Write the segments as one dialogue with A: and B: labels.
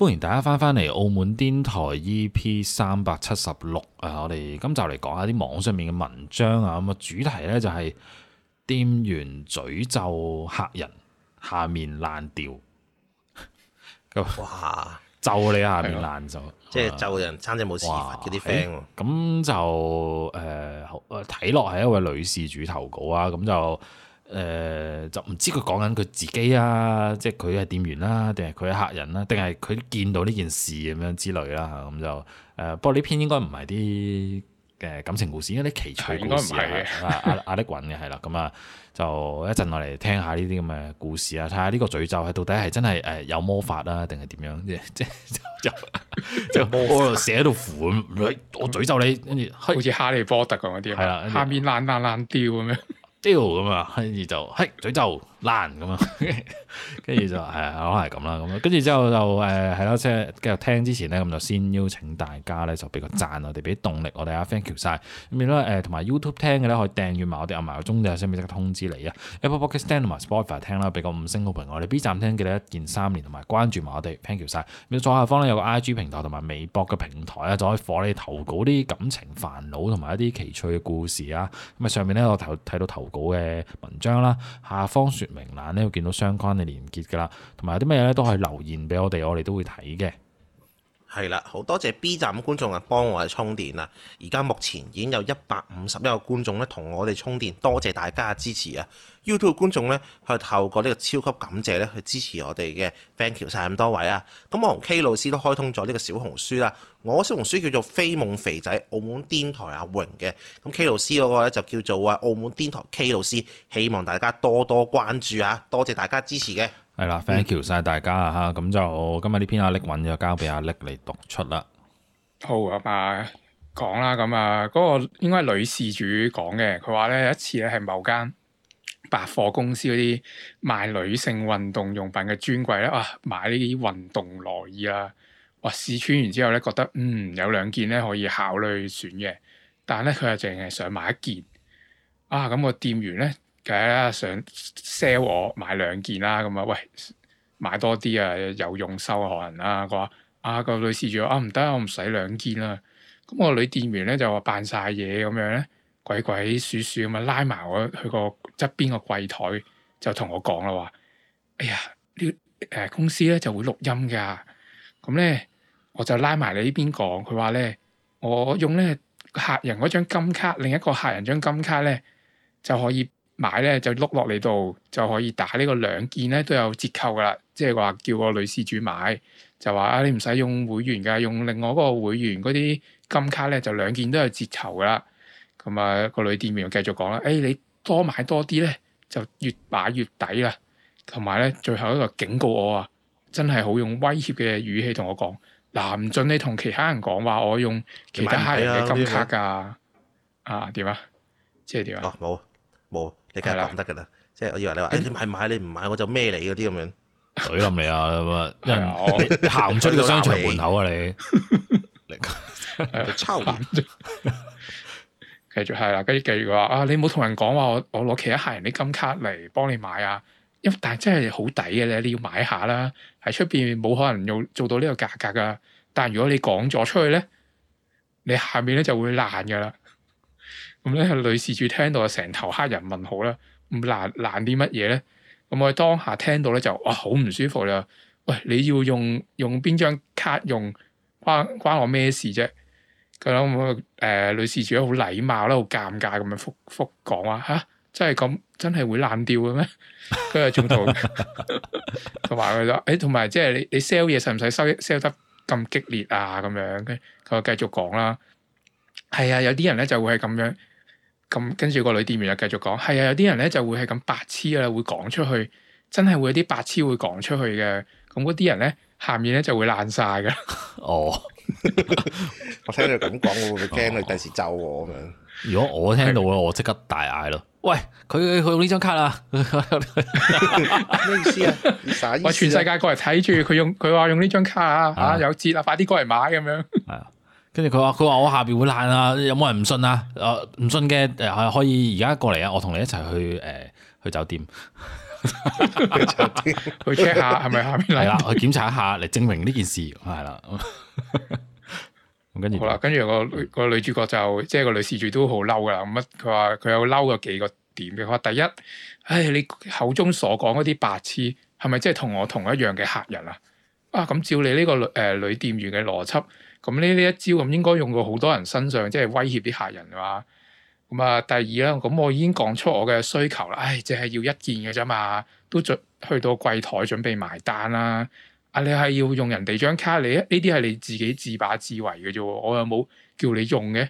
A: 歡迎大家翻返嚟《澳門癲台 EP 三百七十六》啊！我哋今集嚟講下啲網上面嘅文章啊，咁啊主題呢、就係，就係店員詛咒客人下面爛掉。 哇！咒 你下面爛就，即係咒人生仔冇屎忽。啲咁就誒，睇落係一位女事主投稿啊，咁就。誒，就唔知佢講緊佢自己啊，即係佢係店員啦，定係佢係客人啦，定係佢見到呢件事咁樣之類啦。咁就誒，不過呢篇應該唔係啲嘅感情故事，因為啲奇趣故事啊。阿阿力滾嘅係啦，咁啊，就一陣落嚟聽下呢啲咁嘅故事啊，睇下呢個詛咒係到底係真係誒有魔法啦，定係點樣？即即即魔法我寫喺度符文咁，我詛咒你，跟住
B: 好似哈利波特咁嗰啲，係啦，下面爛爛爛掉咁樣。屌咁啊，跟住就嘿
A: 嘴咒。難咁啊，跟住就誒，可能係咁啦，咁啊，跟住之後就誒，係、嗯、咯，即係繼續聽之前呢，咁就先邀請大家咧，就俾個贊我哋，俾啲動力我哋啊，thank you 晒！咁樣咧誒，同埋 YouTube 聽嘅咧可以訂閲埋我哋，阿埋個鐘就先俾即刻通知你啊。Apple Podcast 同埋 Spotify 聽啦，俾個五星好評我哋。B 站聽記得一鍵三連同埋關注埋我哋，thank you 晒！咁左下方咧有個 IG 平台同埋微博嘅平台啊，就可以放你投稿啲感情煩惱同埋一啲奇趣嘅故事啊。咁啊上面咧我投睇到投稿嘅文章啦，下方説。明欄咧會見到相關嘅連結噶啦，同埋有啲咩咧都可以留言俾我哋，我哋都會睇嘅。
C: 係啦，好多謝 B 站嘅觀眾啊，幫我哋充電啊！而家目前已經有一百五十一個觀眾咧，同我哋充電，多謝大家嘅支持啊！YouTube 觀眾咧，去透過呢個超級感謝咧，去支持我哋嘅，Thank you 晒咁多位啊！咁我同 K 老師都開通咗呢個小紅書啦，我小紅書叫做飛夢肥仔，澳門癲台阿榮嘅。咁 K 老師嗰個咧就叫做啊澳門癲台 K 老師，希望大家多多關注啊！多謝大家支持嘅。
A: 係啦，thank you 晒大家啊吓，咁就今日呢篇阿力文就交俾阿力嚟讀出啦。
C: 好啊，咁啊講啦，咁啊
B: 嗰個應該係女事主講嘅，佢話咧有一次咧係某間百貨公司嗰啲賣女性運動用品嘅專櫃咧，啊買呢啲運動內衣啦，哇、啊、試穿完之後咧覺得嗯有兩件咧可以考慮選嘅，但係咧佢啊淨係想買一件啊，咁、嗰個店員咧。梗係啦，想 sell 我買兩件啦，咁啊，喂，買多啲啊，有用收啊，客人啦。佢話：啊個女事主啊，唔得，我唔使兩件啦。咁、嗯、個女店員咧就話扮晒嘢咁樣咧，鬼鬼祟祟咁啊，拉埋我去個側邊個櫃台就同我講啦，話：哎呀，呢、這、誒、個呃、公司咧就會錄音噶，咁咧我就拉埋你呢邊講。佢話咧，我用咧客人嗰張金卡，另一個客人張金卡咧就可以，買咧就碌落你度就可以打呢個兩件咧都有折扣噶啦，即係話叫個女事主買就話啊你唔使用，用會員噶，用另外嗰個會員嗰啲金卡咧就兩件都有折頭噶啦。咁、嗯、啊、個女店員又繼續講啦，誒、欸、你多買多啲咧就越買越抵啦。同埋咧最後一個警告我啊，真係好用威脅嘅語氣同我講，嗱、啊、唔準你同其他人講話我用其他人嘅金卡噶
C: 啊點啊,啊？即係點啊？冇冇、啊。你梗係唔得噶啦！是的 即係我以為你話、哎，你買買你唔買我就孭你嗰啲咁樣，懟冧你啊！咁啊， 行唔 出呢個商場門口啊！你，你抽啊！
B: 繼續係啦，跟住繼續話啊，你冇同人講話，我我攞其他客人啲金卡嚟幫你買啊！因為但係真係好抵嘅咧，你要買下啦，喺出邊冇可能要做到呢個價格噶。但係如果你講咗出去咧，你下面咧就會爛噶啦。咁咧，女事主聽到啊，成頭黑人問號啦，唔爛爛啲乜嘢咧？咁我當下聽到咧就哇，好唔舒服啦！喂，你要用用邊張卡用關關我咩事啫？佢諗誒，女事主好禮貌啦，好尷尬咁樣覆覆講啊，吓？真係咁真係會爛掉嘅咩？跟住中途佢埋佢就誒，同埋即係你你 sell 嘢使唔使收一 sell 得咁激烈啊？咁樣佢佢繼續講啦。係、哎、啊，有啲人咧就會係咁樣。咁跟住個女店員就繼續講，係啊，有啲人咧就會係咁白痴啊，會講出去，真係會有啲白痴會講出去嘅。咁嗰啲人咧，下面咧就會爛
C: 晒噶。哦， 我聽到咁講，會會你我會驚佢第時咒我咁樣。
A: 哦、如果我聽到咧，他我即刻大嗌咯。喂，佢佢用呢張卡啊？
B: 咩 意思啊？話、啊、 全世界過嚟睇住佢用，佢話用呢張卡啊啊有折啊，啊快啲過嚟買咁樣。係啊。
A: 跟住佢話佢話我下邊會爛啊！有冇人唔信啊？誒、啊，唔信嘅誒、呃，可以而家過嚟啊！我同你一齊去誒、呃，去酒店， 去 check 下係咪下邊嚟啦，去檢查一下嚟證明呢件事係啦。跟住 後好
B: 啦，跟住個個女主角就即係個女事主都好嬲噶，咁乜？佢話佢有嬲個幾個點嘅。佢話第一，唉、哎，你口中所講嗰啲白痴係咪即係同我同一樣嘅客人啊？啊，咁照你呢、這個誒、呃、女店員嘅邏輯。咁呢呢一招咁應該用到好多人身上，即係威脅啲客人啊！咁啊，第二啦，咁我已經講出我嘅需求啦。唉、哎，淨係要一件嘅啫嘛，都準去到櫃台準備埋單啦。啊，你係要用人哋張卡，你呢啲係你自己自把自為嘅啫，我又冇叫你用嘅。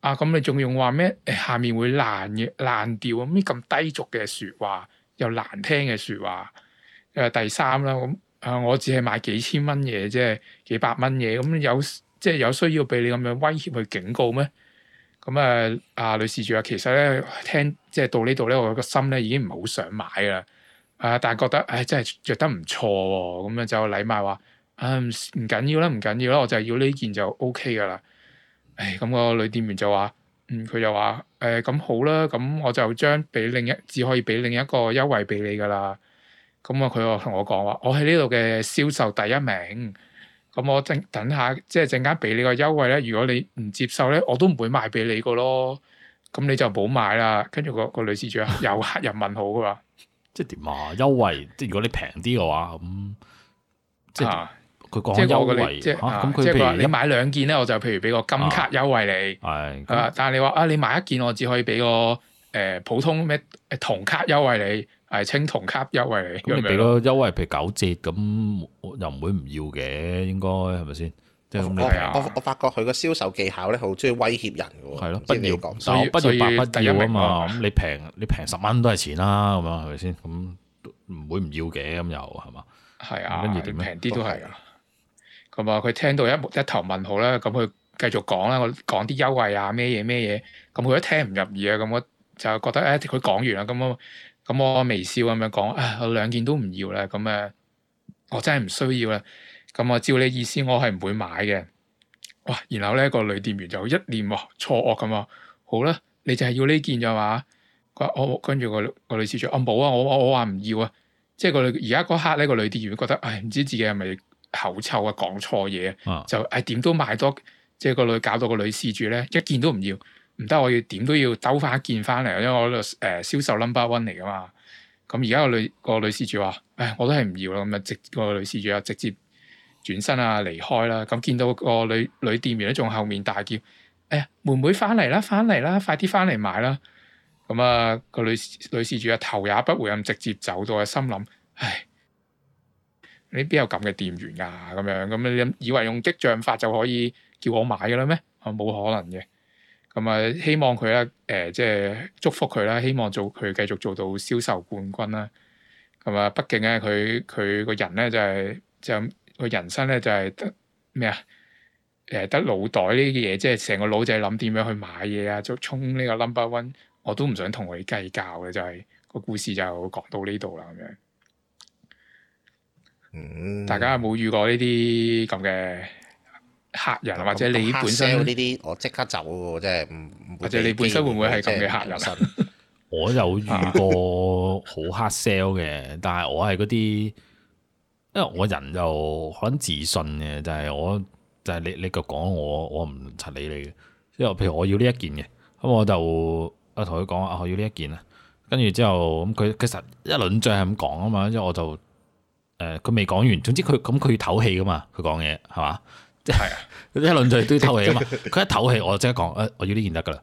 B: 啊，咁你仲用話咩、哎？下面會爛嘅，爛掉啊！咩咁低俗嘅説話，又難聽嘅説話。誒、啊，第三啦，咁啊，我只係買幾千蚊嘢，即係幾百蚊嘢，咁、嗯、有。即係有需要俾你咁樣威脅去警告咩？咁啊，阿、呃、女事主啊，其實咧聽即係到呢度咧，我個心咧已經唔係好想買啦、呃啊嗯。啊，但係覺得唉，真係着得唔錯喎。咁啊，就禮貌話啊，唔緊要啦，唔緊要啦，我就係要呢件就 OK 噶啦。唉、哎，咁、嗯咁個女店員就話：嗯，佢就話誒，咁、呃、好啦，咁我就將俾另一隻可以俾另一個優惠俾你噶啦。咁、嗯、啊，佢同我講話，我喺呢度嘅銷售第一名。咁我正等下，即係陣間俾你個優惠咧。如果你唔接受咧，我都唔會賣俾你個咯。咁你就唔、那個、好買啦。跟住個個女事主啊，有客人問好噶嘛。即係點啊？優惠即係如果你平啲嘅話，咁、嗯、即係佢講緊優惠嚇。咁佢、啊啊、譬如，即係你買兩件咧，我就譬如俾個金卡優惠你。係、啊啊。但係你話啊，你買一件，我只可以俾個誒、呃、普通咩銅卡優惠你。係青
C: 銅級優惠，咁咪俾咯
A: 優惠，譬如九折咁，又唔會唔要嘅，應該係咪先？即係咁你平，我
C: 我發覺佢個銷售技巧咧，好中意威脅人嘅。係咯，不要講，所以所以第一名啊，咁你
A: 平，你平十蚊都係錢啦，咁樣係咪先？咁唔會唔要嘅，咁又係嘛？係啊，跟住平啲都係。
B: 咁啊，佢聽到一一頭問號咧，咁佢繼續講咧，我講啲優惠啊，咩嘢咩嘢，咁佢一聽唔入耳啊，咁我就係覺得誒，佢講完啦，咁啊。咁、嗯、我微笑咁樣講，啊、哎、兩件都唔要啦，咁、嗯、誒，我真係唔需要啦。咁我照你意思，我係唔會買嘅。哇！然後咧個女店員就一念喎錯惡錯愕咁話，好啦，你就係要呢件就話、啊。佢我跟住個個女事主啊冇啊，我我我話唔要啊。即係個女而家嗰刻咧個女店員覺得，唉、哎、唔知自己係咪口臭啊講錯嘢、啊、就係點、哎、都買多，即係個女搞到個女事主咧一件都唔要。唔得，我要點都要兜翻一件翻嚟，因為我呢度誒銷售 number one 嚟噶嘛。咁而家個女個女事主話：誒我都係唔要啦。咁啊，個女事主啊直接轉身啊離開啦。咁見到個女女店員咧，仲後面大叫：哎呀，妹妹翻嚟啦，翻嚟啦，快啲翻嚟買啦！咁啊，個女女事主啊頭也不回咁直接走到，心諗：唉，你邊有咁嘅店員噶、啊？咁樣咁你以為用激將法就可以叫我買嘅啦咩？冇、啊、可能嘅。咁啊、呃，希望佢咧，誒，即係祝福佢啦。希望做佢繼續做到銷售冠軍啦。咁啊，畢竟咧，佢佢個人咧就係、是、就個、是、人生咧就係得咩啊？誒、呃，得腦袋呢啲嘢，即係成個腦仔係諗點樣去買嘢啊，就衝呢個 number one。我都唔想同佢計較嘅，就係、是、個故事就講到呢度啦。咁樣、嗯，大家有冇遇過呢啲咁
C: 嘅？客人或者你本身呢啲，我即刻走，即係唔會，或者你本身會唔會係咁嘅
A: 客人？ 我有遇過好 hard sell 嘅，但係我係嗰啲，因為我人又可能自信嘅，就係、是，我就係、是，你你講我我唔柒理你嘅。即係譬如我要呢一件嘅，咁我就我同佢講啊，我要呢一件啊。跟住之後咁佢其實一輪嘴係咁講啊嘛，即係我就誒佢未講完，總之佢咁佢要唞氣噶嘛，佢講嘢係嘛，即係。 序一輪都要唞氣啊嘛，佢一唞氣，我就即刻講，誒，我要呢件得噶啦。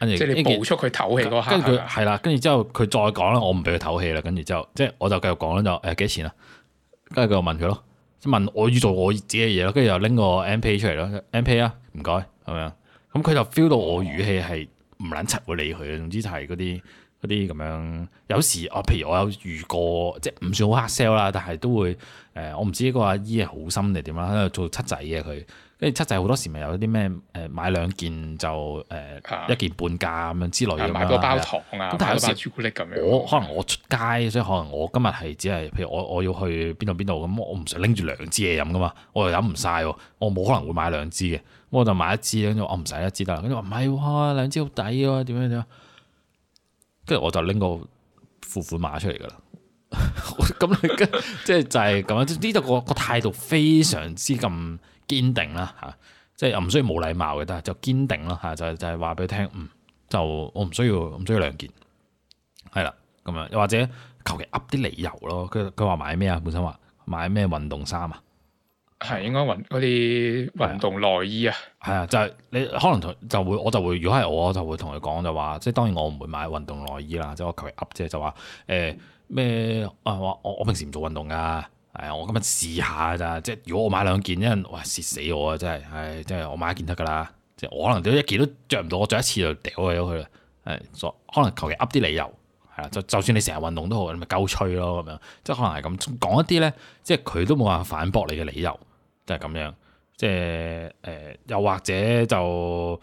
A: 跟住即係你暴出佢唞氣嗰下，跟住佢係啦，跟住之後佢再講啦，我唔俾佢唞氣啦，跟住之後，即係我就繼續講啦，就誒幾多錢啊？跟住佢又問佢咯，問我要做我自己嘅嘢咯，跟住又拎個 M P 出嚟咯，M P 啊，唔該，係咪？咁佢就 feel 到我語氣係唔撚柒會理佢嘅，總之就係嗰啲。嗰啲咁樣，有時啊，譬如我有遇過，即係唔算好 hard sell 啦，但係都會誒、呃，我唔知呢個阿姨係好心定點啦，喺度做七仔嘅佢，跟住七仔好多時咪有啲咩誒買兩件就誒、呃啊、一件半價咁樣之類咁樣，啊，買個包糖啊，咁係有時朱古力咁樣，我可能我出街，所以可能我今日係只係譬如我我要去邊度邊度咁，我唔想拎住兩支嘢飲噶嘛，我又飲唔晒喎，我冇可能會買兩支嘅，咁我就買一支，跟住我唔使一支得啦，跟住話唔係喎，兩支好抵喎，點樣點？跟住我就拎個付款碼出嚟噶啦，咁你跟，即係就係咁，呢度個個態度非常之咁堅定啦吓，即係又唔需要冇禮貌嘅，但係就堅定啦。吓，就係就係話俾佢聽，嗯，就我唔需要唔需要兩件，係啦，咁樣又或者求其噏啲理由咯，佢佢話買咩啊，本身話買咩運動衫啊。係應該運嗰啲運動內衣啊，係啊的的，就係、是、你可能同就會我就會如果係我就會同佢講就話、是，即係當然我唔會買運動內衣啦，即、就、係、是、我求其噏，即係就話誒咩啊我我平時唔做運動噶，係啊，我今日試下咋，即係如果我買兩件，因為喂蝕死我啊，真係，誒，即係我買一件得噶啦，即係我可能都一件都着唔到，我着一次就掉咗佢啦，誒，可能求其噏啲理由，係啦，就就算你成日運動都好，你咪鳩吹咯咁樣，即係可能係咁講一啲咧，即係佢都冇辦法反駁你嘅理由。就係咁樣，即係誒、呃，又或者就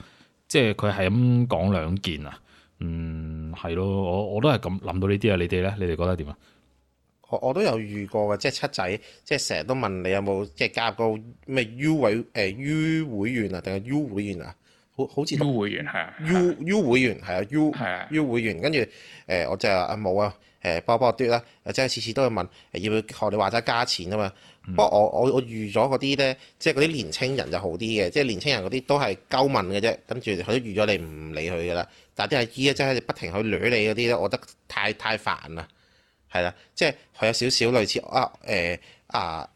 A: 即係佢係咁講兩件啊，嗯，係咯，我我都係咁諗到呢啲啊，
C: 你哋咧，你哋覺得點啊？我我都有遇過嘅，即係七仔，即係成日都問你有冇即係加入個咩 U 位誒、呃、U 會員啊，定係 U 會員啊？好好似 U 會員係啊，U U 會員係啊，U U 會員，跟住誒，我就話啊冇啊。誒、呃、波波嘟啦！即係次次都要問，要唔要學你話齋加錢啊嘛？不過我我我預咗嗰啲咧，即係嗰啲年青人就好啲嘅，即係年青人嗰啲都係鳩問嘅啫，跟住佢都預咗你唔理佢噶啦。但係啲阿姨咧，即係不停去掠你嗰啲咧，我覺得太太煩啦。係啦，即係佢有少少類似啊誒啊誒、啊啊，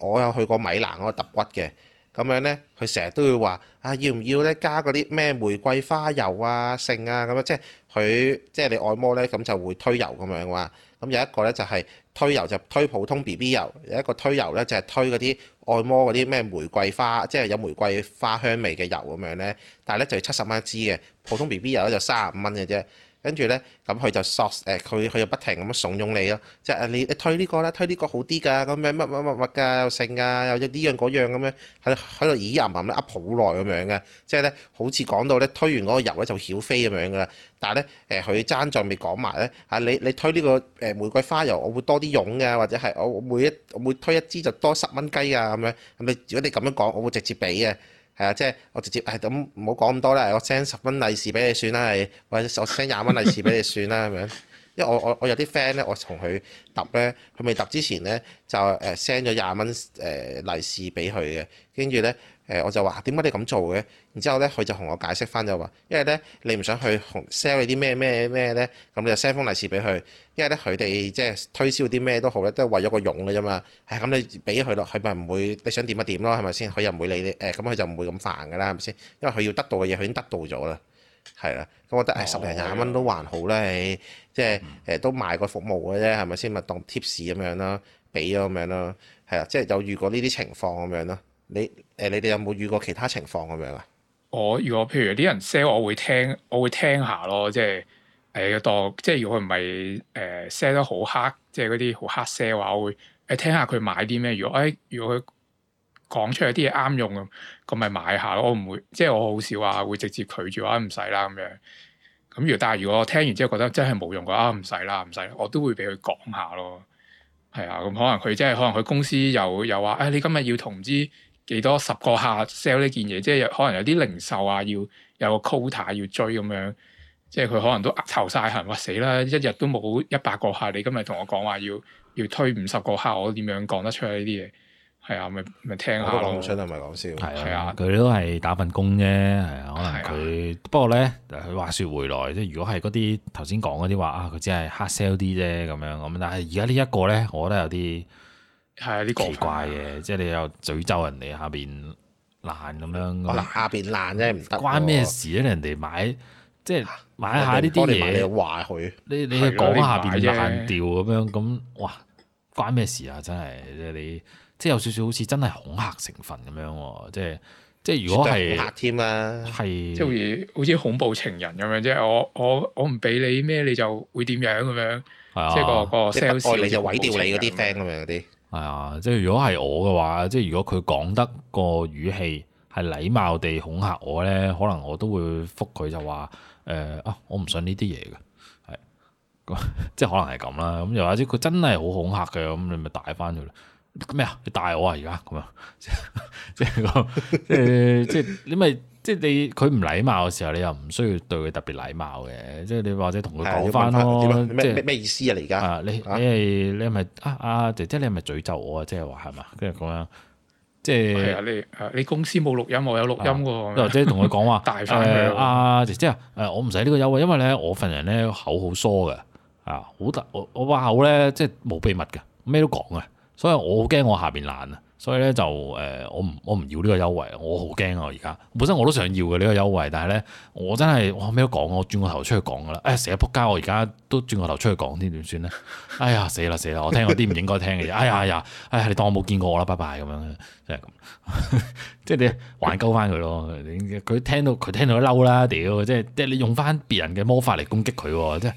C: 我有去過米蘭嗰個揼骨嘅，咁樣咧佢成日都會話啊，要唔要咧加嗰啲咩玫瑰花油啊、性啊咁樣即係。佢即係你按摩咧，咁就會推油咁樣嘅話。咁有一個咧就係推油就推普通 B B 油，有一個推油咧就係推嗰啲按摩嗰啲咩玫瑰花，即係有玫瑰花香味嘅油咁樣咧。但係咧就要七十蚊一支嘅，普通 B B 油咧就三十五蚊嘅啫。跟住咧，咁佢就索誒，佢佢又不停咁樣慫恿你咯，即係你你推呢個啦，推呢個好啲㗎，咁樣乜乜乜乜㗎，又剩㗎，又呢樣嗰樣咁樣喺喺度咦吟吟噏好耐咁樣嘅，即係咧好似講到咧推完嗰個油咧就曉飛咁樣㗎啦，但係咧誒佢爭在未講埋咧，啊你你推呢個誒玫瑰花油，我會多啲傭嘅，或者係我每一我每推一支就多十蚊雞啊咁樣，咁你如果你咁樣講，我會直接俾嘅。係啊，即係我直接係咁，唔好講咁多啦。我 send 十蚊利是俾你算啦，係或者我 send 廿蚊利是俾你算啦咁樣。因為我我我有啲 friend 咧，我同佢揼咧，佢未揼之前咧就誒 send 咗廿蚊誒利是俾佢嘅，跟住咧。誒我就話點解你咁做嘅？然之後咧，佢就同我解釋返就話，因為咧你唔想去紅 sell 你啲咩咩咩咧，咁你就 send 封利是俾佢。因為咧佢哋即係推銷啲咩都好咧，都係為咗個佣嘅啫嘛。係咁，你俾咗佢咯，佢咪唔會你想點咪點咯，係咪先？佢又唔會理你誒，咁佢就唔會咁煩噶啦，係咪先？因為佢要得到嘅嘢，佢已經得到咗啦，係啦。咁我覺得誒十零廿蚊都還好啦，誒即係誒都賣個服務嘅啫，係咪先？咪當 tips 咁樣啦，俾咗咁樣啦，係啦，即係有遇過呢啲情況咁樣啦。你誒，你哋有冇遇過其他情況咁樣啊？
B: 我如果譬如啲人 sell，我會聽，我會聽下咯。即係誒、哎、當，即係如果佢唔係誒 sell 得好黑，即係嗰啲好黑 sell 嘅話，我會聽下佢買啲咩。如果誒如果佢講出嚟啲嘢啱用，咁咪買下咯。我唔會即係我好少話會直接拒絕話唔使啦咁樣。咁如但係如果我聽完之後覺得真係冇用嘅話，唔使啦，唔使。我都會俾佢講下咯。係啊，咁可能佢即係可能佢公司又又話誒、哎，你今日要同唔知。幾多十個客 sell 呢件嘢，即係可能有啲零售啊，要有個 quota 要追咁樣，即係佢可能都頭晒痕，哇死啦！一日都冇一百個客，你今日同我講話要要推五十個客，我點樣講得出呢啲嘢？係啊，咪咪聽下。講唔出係咪講
A: 笑？係啊，佢、啊、都係打份工啫，係啊，可能佢、啊、不過咧，佢話說回來，即係如果係嗰啲頭先講嗰啲話啊，佢只係黑 sell 啲啫咁樣咁，但係而家呢一個咧，我覺得有啲。係啊，呢個奇怪嘅，即係你又詛咒人哋下面爛咁樣。哇，下面爛真係唔得，關咩事咧？人哋買即係買下呢啲嘢，你你話佢，你你講下面爛掉咁樣咁，哇，關咩事啊？真係即係你，即係有少少好似真係恐嚇成分咁樣喎，即係即係如果係恐嚇添啦，係
B: 即係好似恐怖情人咁樣啫。我我我唔俾你咩，你就會點樣咁
C: 樣？
A: 即係個個 sales 你就毀掉你嗰啲 friend 咁樣嗰啲。係啊，即係如果係我嘅話，即係如果佢講得個語氣係禮貌地恐嚇我咧，可能我都會覆佢就話，誒、呃、啊，我唔信呢啲嘢嘅，係，咁即係可能係咁啦。咁又或者佢真係好恐嚇嘅，咁你咪帶翻佢啦。咩啊？你帶我啊？而家咁樣，即係咁，誒，即係你咪。 是 即係你佢唔禮貌嘅時候，你又唔需要對佢特別禮貌嘅。即係你或者同佢講翻即咩咩意思啊？啊你而家你你係你係啊啊姐姐，你係咪詛咒我即即啊？即係話係嘛？跟住咁樣即係你
B: 你公司冇錄音，我有錄音喎。或者同佢講話大
A: 啊姐姐啊誒，我唔使呢個優惠，因為咧我份人咧口好疏嘅啊，好得。我我把口咧即係冇秘密嘅，咩都講嘅，所以我好驚我下邊爛啊。所以咧就誒，我唔我唔要呢個優惠，我好驚啊！而家本身我都想要嘅呢，這個優惠，但係咧我真係我後咩都講，我轉個頭出去講㗎喇，誒成日撲街！我而家都轉個頭出去講，點算咧？哎呀死啦死啦！我聽嗰啲唔應該聽嘅嘢，哎呀 哎呀，哎呀，哎呀，你當我冇見過我啦，拜拜咁樣。 即係咁，即係你挽救翻佢咯。佢聽到佢聽到都嬲啦，屌！即係即係你用翻別人嘅魔法嚟攻擊佢喎，即係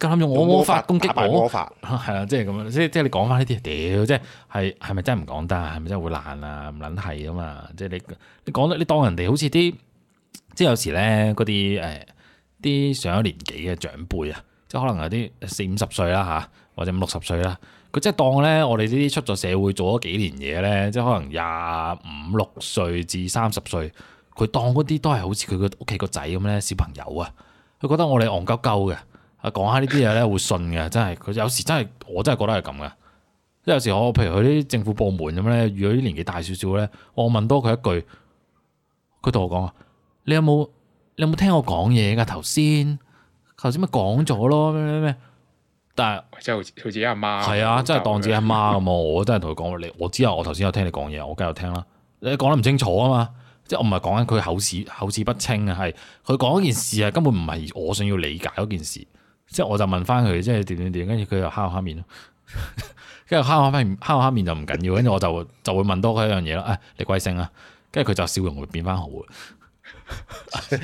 A: 夠膽用我魔法攻擊我，係啦，即係咁樣。即係即係你講翻呢啲，屌！即係係係咪真係唔講得？係咪真係會爛啊？唔撚係啊嘛！即係你你講得你當人哋好似啲，即係有時咧嗰啲誒啲上咗年紀嘅長輩啊，即係可能有啲四五十歲啦吓，或者五六十歲啦，啊。佢即係當咧，我哋呢啲出咗社會做咗幾年嘢咧，即係可能廿五六歲至三十歲，佢當嗰啲都係好似佢個屋企個仔咁咧，小朋友啊，佢覺得我哋戇鳩鳩嘅，啊講下呢啲嘢咧會信嘅，真係佢有時真係我真係覺得係咁嘅，即有時我譬如佢啲政府部門咁咧，遇咗啲年紀大少少咧，我問多佢一句，佢同我講啊，你有冇你有冇聽我講嘢㗎？頭先頭先咪講咗咯咩咩咩？
B: 但係即係好似好阿媽，媽，係啊，真係
A: 當自己阿媽咁啊！ 我真係同佢講，你我知啊，我頭先有聽你講嘢，我繼續聽啦。你講得唔清楚啊嘛，即係我唔係講緊佢口齒口齒不清啊，係佢講件事啊，根本唔係我想要理解嗰件事，即係我就問翻佢，即係點點點，跟住佢又敲下面咯，跟住敲下面，敲 下面，面就唔緊要，跟住我就就會問多佢一樣嘢啦。誒、哎，你貴姓啊？跟住佢就笑容會變翻好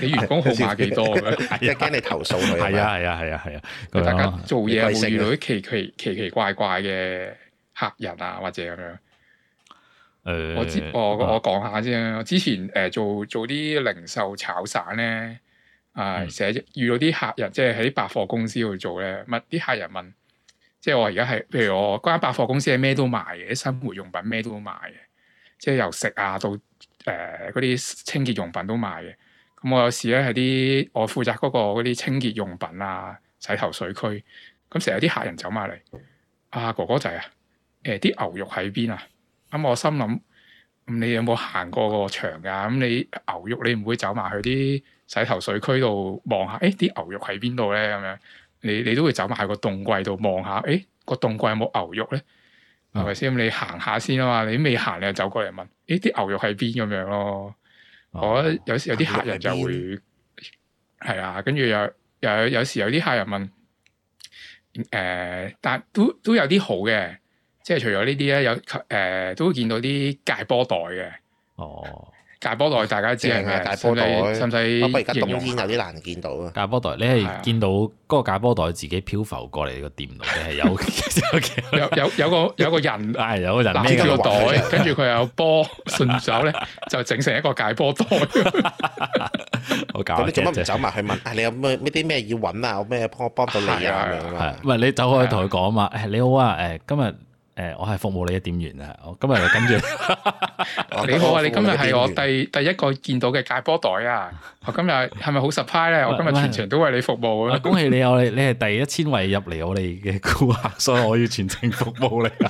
A: 你員工號碼幾多嘅？驚你投訴佢。係啊係啊係啊係啊！啊啊啊啊啊啊大家做嘢會遇到啲奇
B: 奇奇奇怪怪嘅客人啊，或者咁樣。誒，
A: 我知我
B: 我講下先。我之前誒、呃、做做啲零售炒散咧，啊，成日遇到啲客人，即係喺百貨公司去做咧，乜啲客人問，即係我而家係，譬如我嗰間百貨公司係咩都賣嘅，啲生活用品咩都賣嘅，即係由食啊到。誒嗰啲清潔用品都賣嘅，咁、嗯、我有時咧係啲我負責嗰個嗰啲清潔用品啊洗頭水區，咁成日啲客人走埋嚟，阿、啊、哥哥仔、呃、啊，誒啲牛肉喺邊啊？咁我心諗、嗯，你有冇行過個場㗎？咁、嗯、你牛肉你唔會走埋去啲洗頭水區度望下，誒、欸、啲牛肉喺邊度咧？咁、嗯、樣你你都會走埋去個凍櫃度望下，誒個凍櫃有冇牛肉咧？係咪、嗯、先？你行下先啊嘛，你未行你就走過嚟問，誒、欸、啲牛肉喺邊咁樣咯？哦、我覺得有時有啲客人就會係啊，跟住又又有時有啲客人問誒、呃，但都都有啲好嘅，即係除咗呢啲咧，有誒、呃、都見到啲介波袋嘅。哦。假波袋大家都知啊，使唔使使
C: 唔使，不過而家冬天有啲難見到
A: 啊。假波袋你係見到嗰個假波袋自己漂浮過嚟個電腦咧，係有嘅，有有有個有個人攬住個袋，
B: 跟住佢有波順手咧就整成一個假波袋。
A: 好搞笑，你做乜唔走埋去問？
C: 啊，你有咩咩啲咩要揾啊？有咩幫我幫到你啊？
A: 唔係你走開去同佢講啊嘛？誒你好啊，誒今日。誒、欸，我係服務你嘅店員啊！我今日又跟住你好啊！你，你今日係我第
B: 第一個見到嘅芥波袋啊！我今日係咪好實派咧？ 是我今日全程都為你服務 恭喜你，
A: 我你係第一千位入嚟我哋嘅顧客，所以我要全程服務你。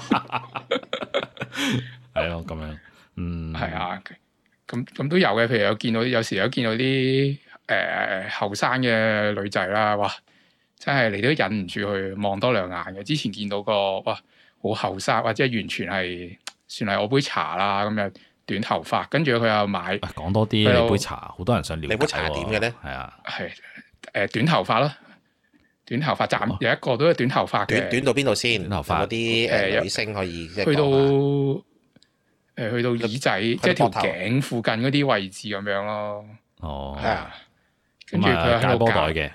B: 係 咯、 啊，咁樣，嗯，係啊，咁咁都有嘅。譬如有見到，有時有見到啲誒後生嘅女仔啦，哇，真係你都忍唔住去望多兩眼嘅。之前見到個哇～好後生或者完全係算係我杯茶啦，咁樣短頭髮，跟住佢又買。
A: 講多啲有你杯茶，好多人想了解。你杯茶點嘅
B: 咧？係啊，係誒短頭髮咯，短頭髮紮。短頭髮暫哦、有一個都係短，短，短，短頭髮，短短到邊度先？短頭髮嗰啲誒女星可以去到誒去到耳仔，即係條頸附近嗰啲位置咁樣咯。哦，係啊、哎，跟住佢膠波袋嘅。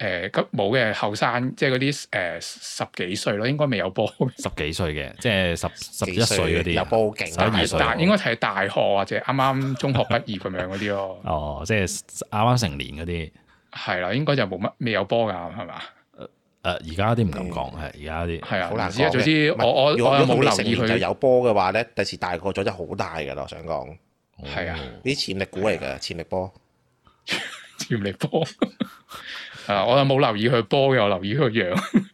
B: 誒咁冇嘅後生，即係嗰啲誒十幾歲咯，應該未有波。十幾歲嘅，
A: 即係十十
B: 一歲嗰啲，有波好
C: 勁啊！十一歲應該
B: 係大學或者啱啱中學畢業咁樣嗰啲咯。
A: 哦，即係啱啱成年嗰啲。係啦，應該就冇乜未有波噶，係嘛？誒而家啲唔敢講，係而
C: 家啲係啊，好難講。總之我我冇留意佢有波嘅話咧，第時大個咗就好大噶啦！我想講係啊，啲潛力股嚟噶，潛力波，潛力波。
B: 啊！Uh, 我又冇留意佢波嘅，我留意佢樣。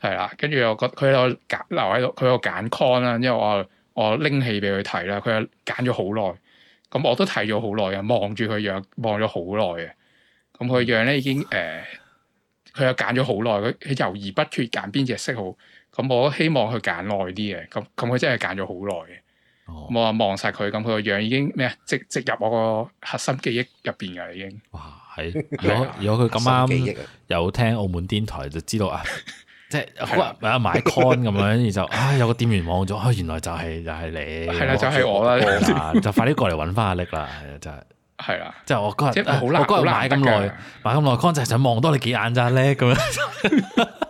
B: 係 啦，跟住我覺佢有揀留喺度，佢有揀 con 啦，因為我我拎起俾佢睇啦，佢又揀咗好耐。咁我都睇咗好耐嘅，望住佢樣望咗好耐嘅。咁佢樣咧已經誒，佢又揀咗好耐，佢猶豫不決揀邊隻色好。咁我都希望佢揀耐啲嘅，咁咁佢真係揀咗好耐嘅。我話望曬佢咁，佢個、哦、樣已經咩啊？即即入我個核心記憶入邊
A: 㗎，已經。哇！係，如果如果佢咁啱有聽澳門電台，就知道啊，即係好買 con 咁樣，然後就啊有個店員望咗、啊，原來就係、是、就係、是、你。係啦，就係、是、的我啦，就快啲過嚟揾翻阿力啦，真、啊、係。係啦、啊，即係難我嗰日我嗰日買咁耐買咁耐 con，就係想望多你幾眼咋叻咁樣。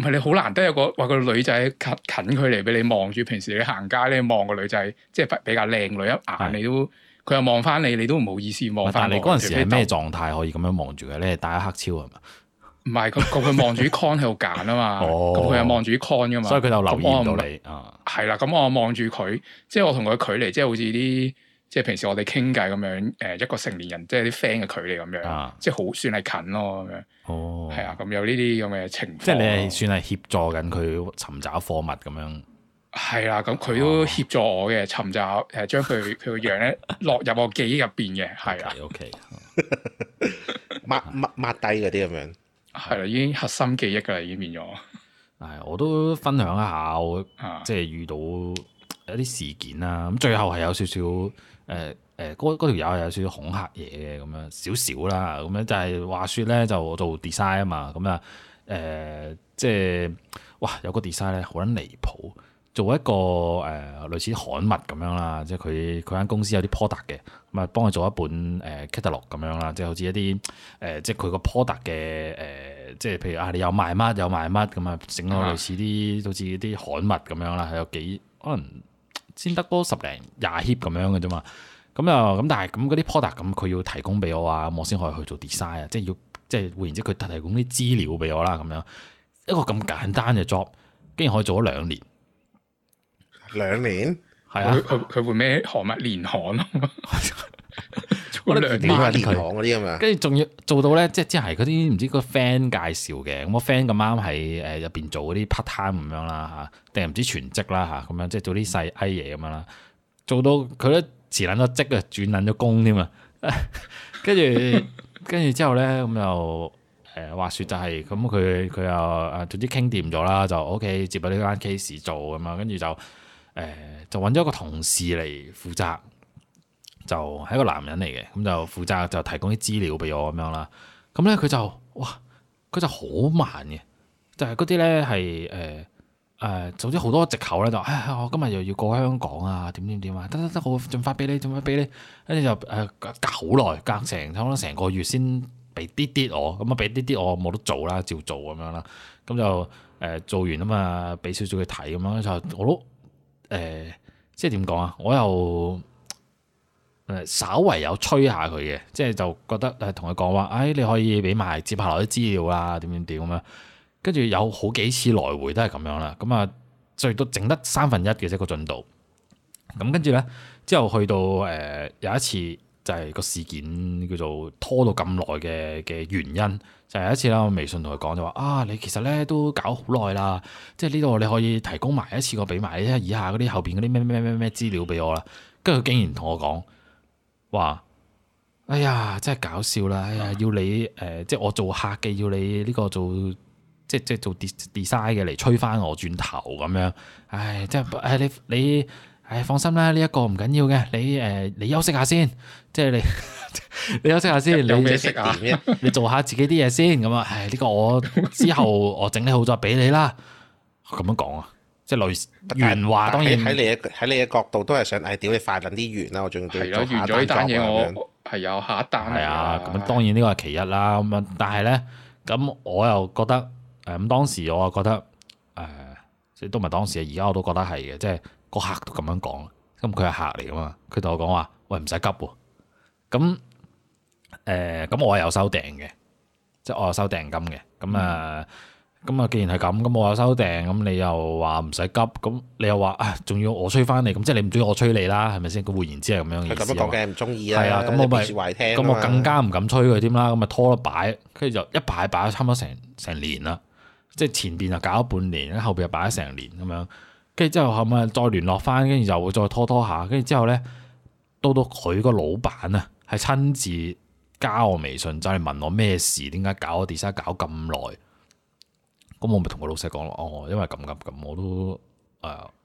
B: 唔係，你好難得有個話個女仔近近距離俾你望住，平時你行街咧，望個女仔，即係比較靚女一眼你都，佢的又望翻你，你都唔好意思望翻。望望但你嗰陣時係咩
A: 狀態可以咁樣望住佢咧？戴黑超係 嘛？唔係、哦，佢佢望住 con
B: 喺度揀啊嘛，咁佢又望住 con 噶嘛，所以佢就留意唔到你啊。係啦，咁、嗯、我望住佢，即係我同佢距離，即係好似啲。即係平時我哋傾偈咁樣，誒一個成年人，即係啲 friend 嘅距離咁樣，啊、即係好算係近咯咁樣。哦，係啊，咁有呢啲咁嘅情
A: 況。即係你係算係協助緊佢尋找貨物咁樣。
B: 係啦，咁佢都協助我嘅尋、哦、找，誒將佢佢個樣咧落入我記憶入邊嘅，係啊。O K，抹抹抹低嗰啲咁樣，係啦，已經核心記憶㗎啦，已經變咗。
A: 唉， 我都分享一下，即係遇到一啲事件啦，咁最後係有少少。誒誒，嗰條友有少少恐嚇嘢嘅咁樣少少啦，咁樣就係話說咧，就做 design 啊嘛，咁啊誒，即係哇有個 design 咧好撚離譜，做一個誒、呃、類似刊物咁樣啦，即係佢佢間公司有啲 product 嘅咁啊，幫佢做一本誒 catalog 咁樣啦、呃，即係好似一啲誒即係佢個 product 嘅誒，即係譬如啊，你有賣乜有賣乜咁啊，整咗類似啲好、ah, 似啲刊物咁樣啦，有幾可能。先得多十零廿 hit 咁樣嘅啫嘛，咁啊咁但係咁嗰啲 p r o d u c t 咁佢要提供俾我啊，我先可以去做 design 啊，即係要即係言然之佢提供啲資料俾我啦，咁樣一個咁簡單嘅 job，竟然可以做咗兩年，
C: 兩年，
B: 係啊，佢佢會咩韓物連韓啊？
A: 嗰啲量碟跟住仲要做到咧，即係即係嗰啲唔知個 friend 介紹嘅，咁我 friend 咁啱喺誒入邊做嗰啲 part time 咁樣啦嚇，定係唔知全職啦嚇咁樣，即係做啲細閪嘢咁樣啦，做到佢都辭撚咗職啊，轉撚咗工添啊，跟住跟住之後咧咁、嗯、就誒話説就係咁佢佢又誒總之傾掂咗啦，就 OK 接咗呢間 case 做咁樣，跟住就誒、嗯、就揾咗一個同事嚟負責。就係一個男人嚟嘅，咁就負責就提供啲資料俾我咁樣啦。咁咧佢就哇，佢就好慢嘅，就係嗰啲咧係誒誒，總之好多藉口咧就，唉，我今日又要過香港啊，點點點啊，得得得，我盡快俾你，盡快俾你，跟住就誒隔好耐，隔成可能成個月先俾啲啲我，咁啊俾啲啲我冇得做啦，照做咁樣啦，咁就誒做完啊嘛，俾少少佢睇咁咯，就我都誒，即係點講啊，我又。稍為有吹下佢嘅，即係就覺得誒同佢講話，誒、哎、你可以俾埋接下來啲資料啦，點點點咁樣，怎樣，跟住有好幾次來回都係咁樣啦。咁、嗯、啊，最多整得三分一嘅啫個進度。咁跟住咧，之後去到誒、呃、有一次就係個事件叫做拖到咁耐嘅嘅原因，就係、是、有一次啦。我微信同佢講就話啊，你其實咧都搞好耐啦，即係呢度你可以提供埋一,一次我俾埋，你睇下以下嗰啲後邊嗰啲咩咩咩咩資料俾我啦。跟住佢竟然同我講。話，哎呀，真係搞笑啦！哎呀，要你誒、呃，即係我做客嘅，要你呢個做，即係即係做 design 嘅嚟推翻我轉頭咁樣，唉、哎，即係，唉、哎、你你，唉、哎、放心啦，呢、這、一個唔緊要嘅，你誒、呃，你休息下先，即係你 你休息下先，你休息下你做下自己啲嘢先，咁啊，唉、哎、呢、這個我之後我整理好再俾你啦，咁樣講啊。即係似，是原話，當然喺你嘅
C: 喺你嘅角度都係想誒，屌、嗯、你快緊啲完啦！我仲要仲打咗一單嘢，我係有下一單。係啊，咁樣
A: 當然呢個係其一啦。咁啊的，但係咧，咁我又覺得誒咁、呃、當時我啊覺得誒、呃，即都唔係當時啊，而家、呃、我都覺得係嘅，即係個客都咁樣講。咁佢係客嚟噶嘛？佢同我講話，喂，唔使急喎。咁誒咁我係有收訂嘅，即係我有收訂金嘅。咁啊。咁啊！既然係咁，咁我有收訂，咁你又話唔使急，咁你又話啊，仲、哎、要我催翻你，你，咁即係你唔中意我催你啦，係咪先？咁換言之係咁樣意思啊？係唔中意啊，咁我咪咁我更加唔敢催佢添啦。咁咪、啊、拖咯，擺，跟住就一擺擺差唔多成成年啦。即係前邊就搞咗半年，後邊又擺咗成年咁樣。跟住之後後咪再聯絡翻，跟住就又再拖一拖一下。跟住之後咧，到到佢個老闆啊，係親自加我微信，就係問我咩事，點解搞我 design 搞咁耐？咁我咪同個老細講咯，哦，因為咁咁咁，我都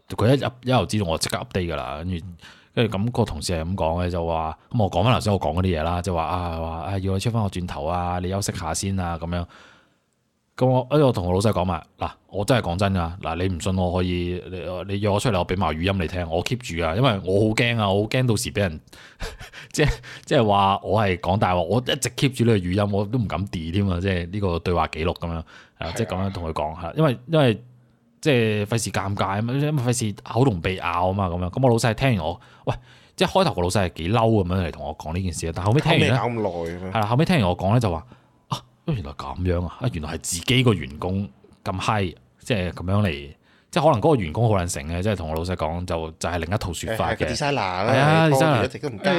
A: 誒，佢、呃、一路知道我即刻 update 噶啦，跟住跟住咁個同事係咁講嘅，就話咁、嗯、我講翻頭先我講嗰啲嘢啦，即係話啊話啊要我出翻個轉頭啊，哎、你，你休息下先啊咁樣。咁我，哎，我同我老細講埋，嗱，我真係講真噶，嗱，你唔信我可以，你你約我出嚟，我俾埋語音你聽，我 keep 住噶，因為我好驚啊，我好驚到時俾人，即係即係話我係講大話，我一直 keep 住呢個語音，我都唔敢 delete 添啊，即係呢個對話記錄咁樣，係啊，即係咁樣同佢講下，因為因為即係費事尷尬啊嘛，因為費事口同鼻拗啊嘛，咁樣，咁我老細係聽完我，喂，即係開頭個老細係幾嬲咁樣嚟同我講呢件事啊，但後尾聽完
C: 咧，係啦、
A: 啊，後尾聽完我講咧就話。原來咁樣啊！啊原來係自己員個員工咁嗨，即係咁樣嚟，即係可能嗰個員工好難成嘅，即係同我老細講就就係另一套説法嘅。係、哎、啊，的拖住一直都唔交，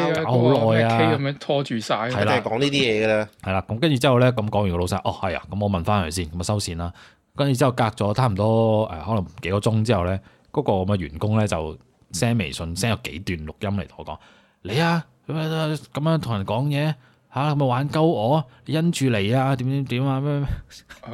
A: 好耐、哎、呀啊，咁樣、
B: 哎那個、拖住晒，係
A: 啦的，講呢啲嘢噶啦。係啦，咁跟住之後咧，咁講完個老細，哦係啊，咁我問翻佢先，咁啊收線啦。跟住之後隔咗差唔多誒，可能幾個鐘之後咧，嗰、那個咁嘅員工咧就 send 微信 send 有、嗯、幾段錄音嚟同我講，你啊咁樣咁樣同人講嘢。嚇咁咪玩鳩我，因住你啊！點點點啊！咩咩咩？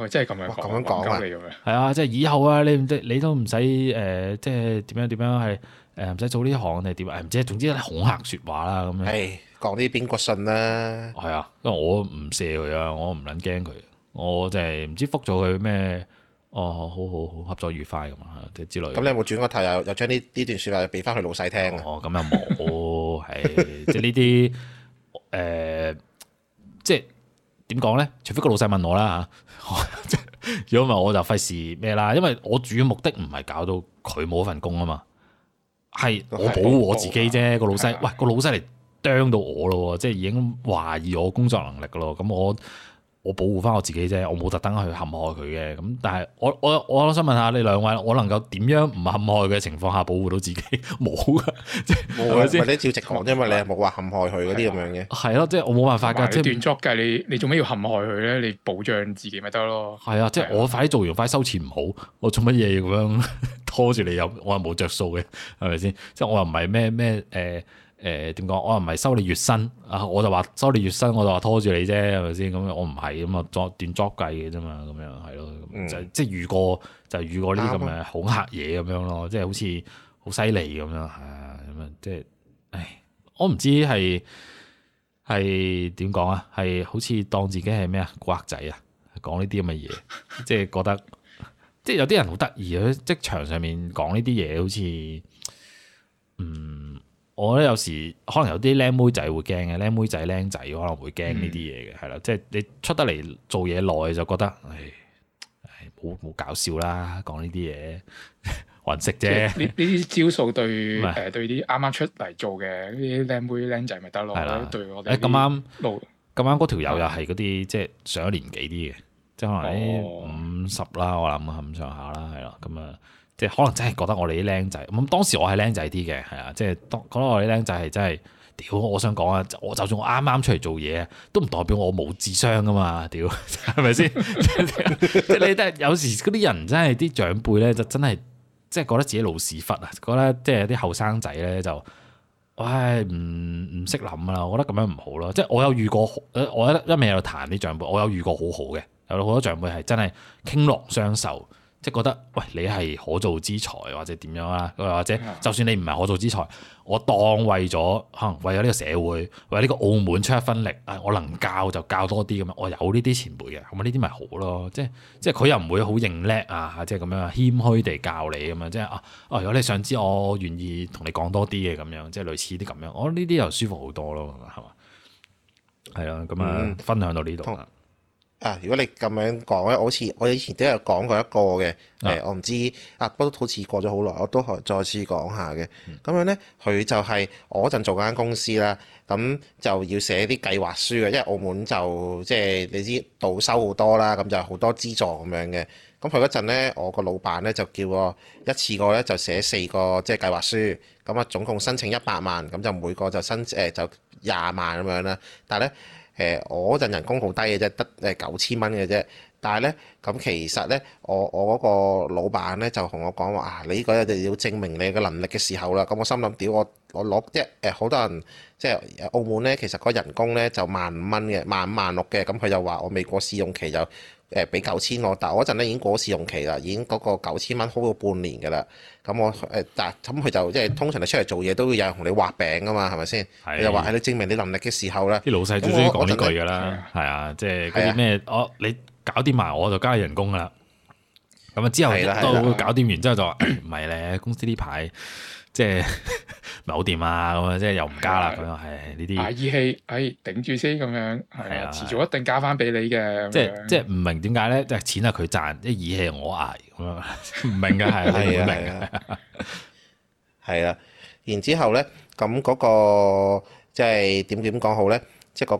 A: 係真係
B: 咁樣講，咁樣講你嘅
A: 咩？係 grateful 啊，即係以後啊，你唔你都唔使誒，即係點樣點樣係誒唔使做呢行定點啊？唔知，總之恐嚇説話啦咁樣。係
C: 講啲邊個信啦？係啊，
A: 因為我唔射佢啊，我唔撚驚佢，我就係唔知覆咗佢咩？哦，好好好，好，合作愉快咁啊，即係之類。咁你有冇
C: 轉個頭又又將呢呢段説話又俾翻佢老細聽？哦，咁又冇係即係呢啲誒。
A: 即係點講咧？除非個老細問我啦吓，如果唔係我就費事咩啦。因為我主要目的唔係搞到佢冇份工啊嘛，係我保護我自己啫。個老細，的喂，個老細嚟啄到我咯，即係已經懷疑我工作能力咯。咁我。我保護翻我自己啫，我冇特登去陷害佢嘅。咁但係我我我想問下你兩位，我能夠點樣唔陷害嘅情況下保護到自己冇嘅？即係係咪先？或者照直講，因為、哦、你係
C: 冇話陷害佢嗰啲咁樣嘅。
A: 係咯，即係我冇辦法㗎。即係斷
B: 作計，你你做咩要陷害佢咧？你保障自己咪得咯。
A: 係啊，即係我快啲做完，快啲收錢唔好。我做乜嘢咁樣拖住你又？我又冇着數嘅，係咪先？即係我又唔係咩咩誒。誒，點講、呃？我唔係收你月薪啊，我就話收你月薪，我就話拖住你啫，係咪先？咁我唔係，咁啊作斷作計嘅啫嘛，咁樣係咯，就即、係、係、就係就係、遇過就係、遇過呢啲咁嘅恐嚇嘢咁樣咯，即係好似好犀利咁樣，咁啊即係，唉，我唔知係係點講啊，係好似當自己係咩啊，古惑仔啊，講呢啲咁嘅嘢，即係覺得，即係有啲人好得意啊，職場上面講呢啲嘢好似，嗯。我覺得有時可能有啲僆妹仔會驚嘅，僆妹仔僆仔可能會驚呢啲嘢嘅，係啦、嗯，即係你出得嚟做嘢耐就覺得，唉，冇冇搞笑啦，講呢啲嘢，混食啫。呢
B: 啲招數對誒對啲啱啱出嚟做嘅啲僆妹僆仔咪得咯。係啦的、呃，對我哋。誒咁啱，
A: 咁啱嗰條友又係嗰啲即係上咗年紀啲嘅，即係可能五十啦，哦、我諗咁上下啦，係啦，咁啊。即係可能真係覺得我哋啲僆仔，咁當時我係僆仔啲嘅，係啊，即係當覺得我哋啲僆仔係真係屌，我想講啊，我就算我啱啱出嚟做嘢啊，都唔代表我冇智商噶嘛，屌，係咪先？即係你真係有時嗰啲人真係啲長輩咧，就真係即係覺得自己老屎忽啊，覺得即係啲後生仔咧就，唉，唔唔識諗啦，我覺得咁樣唔好咯。即係我有遇過，我一一味喺度彈啲長輩，我有遇過好好嘅，有好多長輩係真係傾落雙手。即係覺得，喂，你係可造之才，或者點樣啊？或者就算你唔係可造之才，我當為咗可能為咗呢個社會，為呢個澳門出一分力，啊，我能教就教多啲咁樣。我有呢啲前輩嘅，咁啊呢啲咪好咯。即係即係佢又唔會好認叻啊，即係咁樣謙虛地教你咁樣，即係啊，哦，如果你想知，我願意同你講多啲嘅咁樣，即係類似啲咁樣。我呢啲又舒服好多咯，係嘛？係啊，咁啊，嗯、分享到呢度。
C: 啊！如果你咁樣講咧，好似我以前都有講過一個嘅，誒、啊嗯，我唔知啊，不過好似過咗好耐，我都可再次講下嘅。咁樣咧，佢就係、是、我嗰陣做間公司啦，咁就要寫啲計劃書嘅，因為澳門就即係、就是、你知賭收好多啦，咁就好多資助咁樣嘅。咁佢嗰陣咧，我個老闆咧就叫我一次過咧就寫四個即係計劃書，咁啊總共申請一百萬，咁就每個就申誒、呃、就廿萬咁樣啦。但係咧。誒我嗰陣人工好低嘅啫，得誒九千蚊嘅啫。但係咧，咁其實咧，我我嗰個老闆咧就同我講話啊，你依個一定要證明你嘅能力嘅時候啦。咁我心諗屌，我我攞一誒好多人即係澳門咧，其實嗰人工咧就萬五蚊嘅，萬五萬六嘅。咁佢就話我未過試用期就。誒俾九千我，但係我嗰陣咧已經過咗試用期啦，已經嗰個九千蚊好過半年㗎啦。咁我誒，但咁佢就即係通常你出嚟做嘢都會有人同你畫餅㗎嘛，係咪先？又話喺你證明你能力嘅時候啦。啲的老細最中意講呢句㗎啦，
A: 係啊，即係嗰啲咩？就是、的哦，你搞掂埋我就加你人工啦。咁啊，之後都搞掂完的之後就話唔係咧，公司呢排。即係唔係好掂啊。咁啊，即係又唔加啦咁樣，係呢啲義氣，
B: 哎，頂住先咁樣，係啊，遲早一定加翻俾你嘅，即係即係
A: 唔明點解咧？即係錢啊，佢賺，即係義氣
C: 我挨咁樣，唔明嘅，係啊，唔明，係啊，然之後咧，咁嗰個即係點點講好咧？即係嗰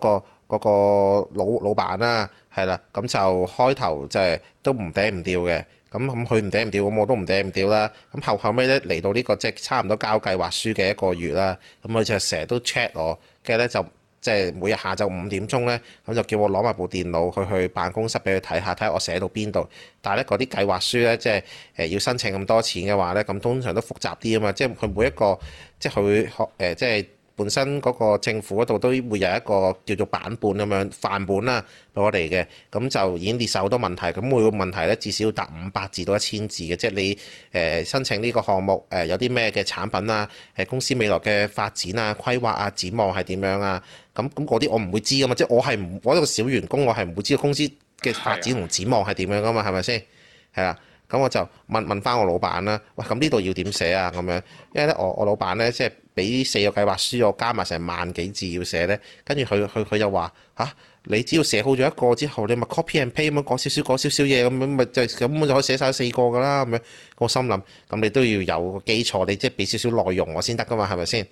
C: 個嗰個老老闆啦，係啦，咁就開頭即係都唔頂唔掉嘅。咁咁佢唔頂唔掉，咁我都唔頂唔掉啦。咁後後尾咧，嚟到呢個即係差唔多交計劃書嘅一個月啦。咁佢就成日都 check 我，跟住咧就即係每日下晝五點鐘咧，咁就叫我攞埋部電腦去去辦公室俾佢睇下，睇下我寫到邊度。但係咧嗰啲計劃書咧，即係誒要申請咁多錢嘅話咧，咁通常都複雜啲啊嘛。即係佢每一個，即係佢學誒即係。本身嗰個政府嗰度都會有一個叫做版本咁樣，範本啦、啊，我哋嘅咁就已經列晒好多問題。咁每個問題咧至少要達五百字到一千字嘅，即係你誒、呃、申請呢個項目誒、呃、有啲咩嘅產品啊？誒、呃、公司未來嘅發展啊、規劃啊、展望係點樣啊？咁咁嗰啲我唔會知噶嘛，即、就、係、是、我係唔我一個小員工，我係唔會知道公司嘅發展同展望係點樣噶嘛，係咪先係啦？咁我就問問翻我老闆啦，喂，咁呢度要點寫啊？咁樣，因為咧，我我老闆咧，即係俾四個計劃書，我加埋成萬幾字要寫咧，跟住佢佢佢又話吓，你只要寫好咗一個之後，你咪 copy and paste 咁講少少講少少嘢咁，咪就咁我就可以寫晒四個噶啦咁樣。我心諗，咁你都要有個基礎，你即係俾少少內容我先得噶嘛，係咪先？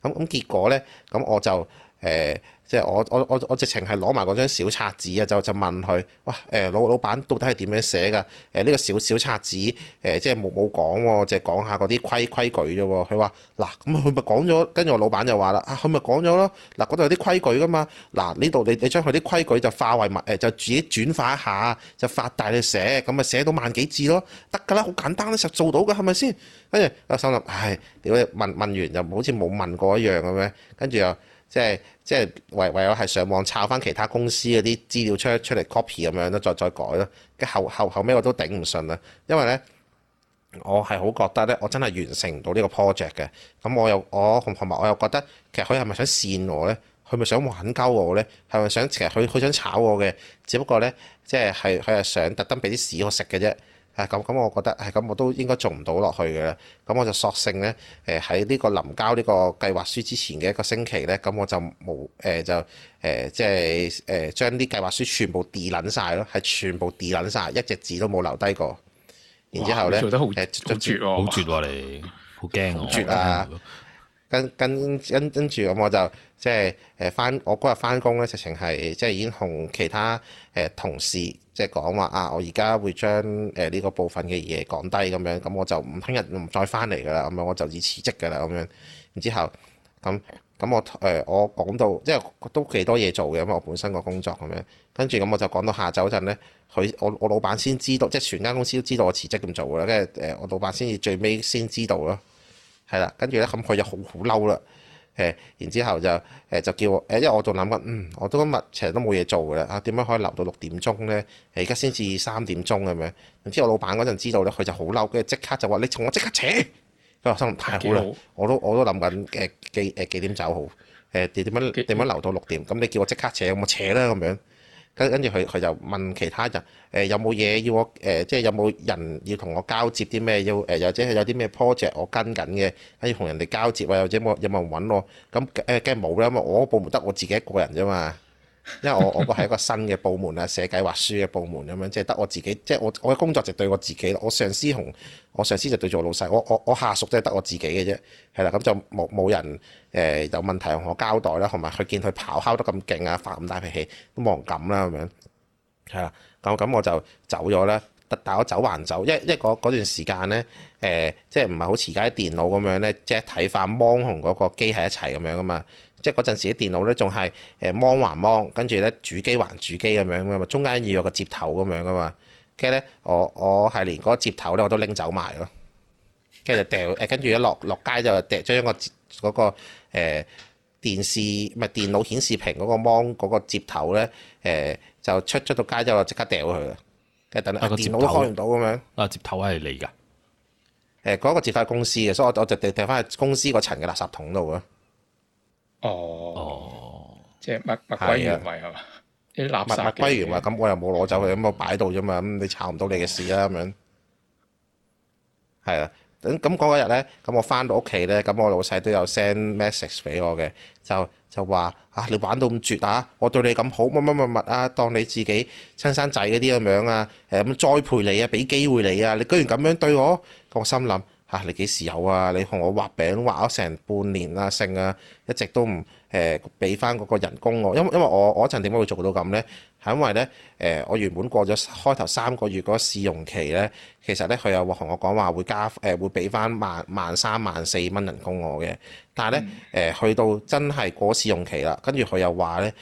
C: 咁咁結果咧，咁我就。誒、呃，即係我我我我直情係攞埋嗰張小冊子啊！就就問佢哇誒、欸、老老闆到底係點樣寫㗎？誒、欸、呢、這個小小冊子誒、欸，即係冇冇講喎，即係講下嗰啲規規矩啫。佢話嗱咁佢咪講咗，跟住我老闆就話啦啊，佢咪講咗咯嗱，嗰度有啲規矩㗎嘛嗱呢度你你將佢啲規矩就化為物誒、呃，就自己轉化一下，就發大去寫咁咪寫到萬幾字咯，得㗎啦，好簡單咧，實做到㗎係咪先？跟住阿心諗唉屌你問問，問完就好似冇問過一樣咁咩？跟住又。又即係即係唯唯有係上網抄翻其他公司嗰啲資料出出嚟 copy 咁樣咯，再再改咯。跟後後後尾我都頂唔順啦，因為咧我係好覺得咧，我真係完成唔到呢個 project 嘅。咁我又我同埋我又覺得其實佢係咪想跣我咧？佢係咪想玩鳩我咧？係咪想其實佢佢想炒我嘅？只不過咧即係係佢係想特登俾啲屎我食嘅啫。咁，咁、啊、我覺得係咁，我都應該做唔到落去嘅。咁我就索性咧，誒喺呢個臨交呢個計劃書之前嘅一個星期咧，咁我就冇誒、欸、就誒即係誒將啲計劃書全部墊撚晒咯，係全部墊撚晒，一隻字都冇留低過。然之後咧，做得、欸、好絕喎，好
A: 絕喎你，好驚好絕啊！
C: 跟跟跟跟住咁，我就即係誒翻我嗰日翻工咧，直情係即係已經同其他誒、呃、同事。即係講話啊！我而家會將誒呢個部分嘅嘢講低咁樣，咁我就唔聽日唔再翻嚟㗎啦。咁樣我就要辭職㗎啦。咁樣然之後咁咁我誒我講到即係都幾多嘢做嘅，因為我本身個工作咁樣跟住咁我就講到下晝嗰陣咧，佢我我老闆先知道，即係全間公司都知道我辭職咁做啦。跟住誒我老闆先至最尾先知道咯，係啦。跟住咧咁佢就好好嬲啦。誒，然之後就誒就叫我誒，因為我仲諗緊，嗯，我都今日成日都冇嘢做嘅啦嚇，點樣可以留到六點鐘咧？誒，而家先至三點鐘咁樣。然之後我老闆嗰陣知道咧，佢就好嬲，跟住即刻就話：你同我即刻扯。跟住我心諗太好啦，我都我都諗緊誒幾誒幾，幾點走好？誒點點樣點樣留到六點？咁你叫我即刻扯，我扯啦咁樣。跟跟住佢佢就問其他人，誒、欸、有冇嘢要我誒、欸，即係有冇人要同我交接啲咩，要誒、呃，或者係有啲咩 project 我跟緊嘅，要跟住同人哋交接啊，或者有冇有冇人搵我，咁誒梗係冇啦，因為我部門得我自己一個人啫嘛。 因為我我個係一個新嘅部門啦，寫計劃書嘅部門咁樣，即係得我自己，即係我我嘅工作就對我自己咯。我上司同我上司就對做老細，我我我下屬即係得我自己嘅啫。係啦，咁就冇冇人誒、呃、有問題同我交代啦，同埋佢見佢咆哮得咁勁啊，發咁大脾氣，都冇人敢啦咁樣。係啦，咁咁我就走咗啦。但係我走還走，因為因為嗰段時間咧，誒、呃、即係唔係好似而家啲電腦咁樣咧，即係睇翻芒同嗰個機喺一齊咁樣噶嘛。即係嗰陣時啲電腦咧仲係誒芒還芒，跟住咧主機還主機咁樣噶嘛，中間要有個接頭咁樣噶嘛。跟住咧我我係連嗰個接頭咧、那個、我，我，我都拎走埋咯。跟住掉誒，跟住一落落街就掉將、那個嗰、那個誒、欸、電視唔係電腦顯示屏嗰、那個芒嗰、那個接頭咧誒、欸、就出出到街就即刻掉佢啦。跟住等下電腦開唔到咁樣。啊，接頭係你㗎？誒嗰個接頭係公司嘅，所以我我就掉掉翻去公司個層嘅垃圾桶度咯。
B: 哦，即係物物歸
C: 原位係嘛？啲垃圾物物歸原位，咁我又冇攞走佢，咁我擺到啫嘛。咁你炒唔到你嘅事啦，咁樣。係啊，咁咁嗰日咧，咁我翻到屋企咧，咁我老細都有 send message 俾我嘅，就就話啊你玩到咁絕啊！我對你咁好，乜乜乜乜啊，當你自己親生仔嗰啲咁樣啊，誒咁栽培你啊，俾機會你啊，你居然咁樣對我，我心諗。嚇、啊！你幾時有啊？你同我畫餅畫咗成半年啊，剩啊，一直都唔誒俾翻嗰個人工我，因為因為我我嗰陣點解會做到咁咧？係因為咧誒、呃，我原本過咗開頭三個月嗰個試用期咧，其實咧佢又話同我講話會加誒、呃、會俾翻萬萬三萬四蚊人工我嘅，但係咧誒去到真係過試用期啦，跟住佢又話咧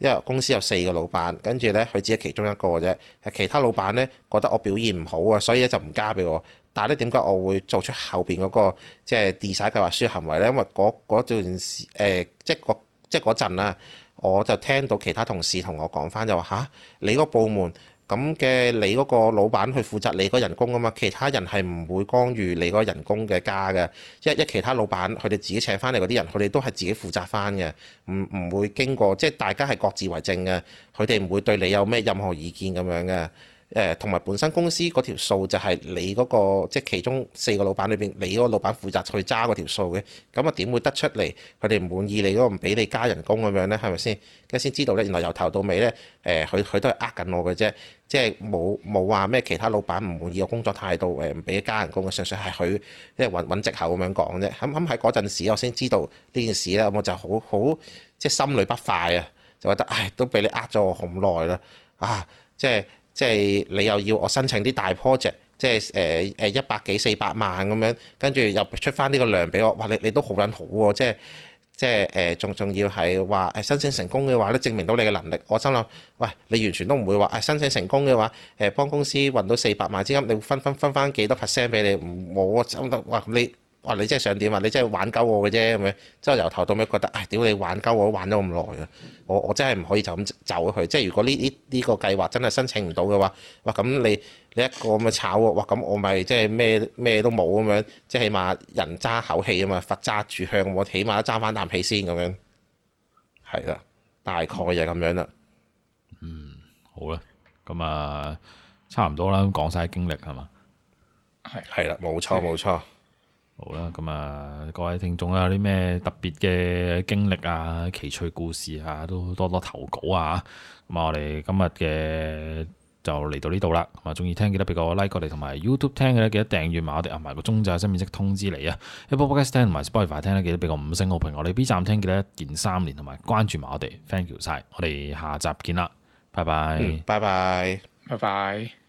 C: 誒，因為公司有四個老闆，跟住咧佢只係其中一個啫，其他老闆咧覺得我表現唔好啊，所以咧就唔加俾我。但係咧，點解我會做出後邊嗰、那個即係設計計劃書行為咧？因為嗰嗰段時誒、呃，即係嗰即係嗰陣啊，我就聽到其他同事同我講翻，就話嚇、啊、你個部門咁嘅，你嗰個老闆去負責你個人工啊嘛，其他人係唔會干預你個人工嘅家嘅，一一其他老闆佢哋自己請翻嚟嗰啲人，佢哋都係自己負責翻嘅，唔唔會經過，即係大家係各自為政嘅，佢哋唔會對你有咩任何意見咁樣嘅。誒同埋本身公司嗰條數就係你嗰個，即係其中四個老闆裏邊，你嗰老闆負責去揸嗰條數嘅，咁啊點會得出嚟佢哋唔滿意你嗰唔俾你加人工咁樣咧？係咪先？跟住先知道咧，原來由頭到尾咧，誒佢佢都係呃緊我嘅啫，即係冇冇話咩其他老闆唔滿意我工作態度誒唔俾加人工嘅，純粹係佢即係揾揾藉口咁樣講啫。咁咁喺嗰陣時，我先知道呢件事咧，我就好好即係心裏不快啊，就覺得唉都俾你呃咗我好耐啦，啊即係。即係你又要我申請啲大 project，即係誒誒一百幾四百萬咁樣，跟住又出翻呢個糧俾我，哇！你你都好撚好喎，啊，即係即係誒，仲、呃、仲要係話誒申請成功嘅話咧，證明到你嘅能力。我心諗，喂，你完全都唔會話誒申請成功嘅話，誒幫公司揾到四百萬資金，你分分分翻幾多 percent 俾你？唔，我覺得哇，你～哇、哦！你真係想點啊？你真係玩鳩我嘅啫，咁樣即係由頭到尾覺得，唉、哎！屌你玩鳩我，我，玩咗咁耐啊！我我真係唔可以就咁走咗去。即係如果呢呢呢個計劃真係申請唔到嘅話，哇！咁你你一個咁炒喎，咁我咪即係咩咩都冇咁樣。即係起碼人揸口氣啊嘛，佛揸住香，我起碼都揸翻啖氣先咁樣。係啦，大概就係咁樣啦。嗯，好啦，咁、嗯、啊，
A: 差唔多啦，講晒經歷係嘛？
C: 係係啦，冇錯冇錯。
A: 好啦，咁啊各位聽眾啊，有啲咩特別嘅經歷啊、奇趣故事啊，都多多投稿啊。咁啊，我哋今日嘅就嚟到呢度啦。咁啊，中意聽記得俾個 like 我哋，同埋 YouTube 聽嘅咧，記得訂閱埋我哋，撳埋個鐘仔，新面識通知你啊。Apple Podcast 同埋 Spotify 聽咧，記得俾個五星好評。我哋 B 站聽記得一鍵三連，同埋關注埋我哋，thank you 晒。我哋下集見啦，拜拜，拜拜、嗯，拜
B: 拜。拜拜拜拜。